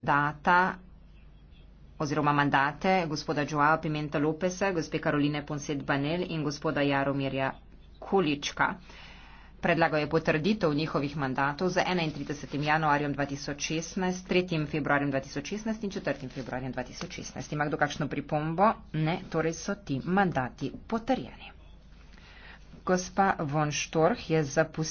mandata oziroma mandate gospoda Joao Pimenta Lopesa, gospe Karoline Ponset Banel in gospoda Jaromirja Kulička. Predlagal je potrditev njihovih mandatov za 31. januarjem 2016, 3. februarjem 2016 in 4. februarjem 2016. Ima kdo kakšno pripombo? Ne, torej so ti mandati potrjeni. Gospa von Štorh je zapustila.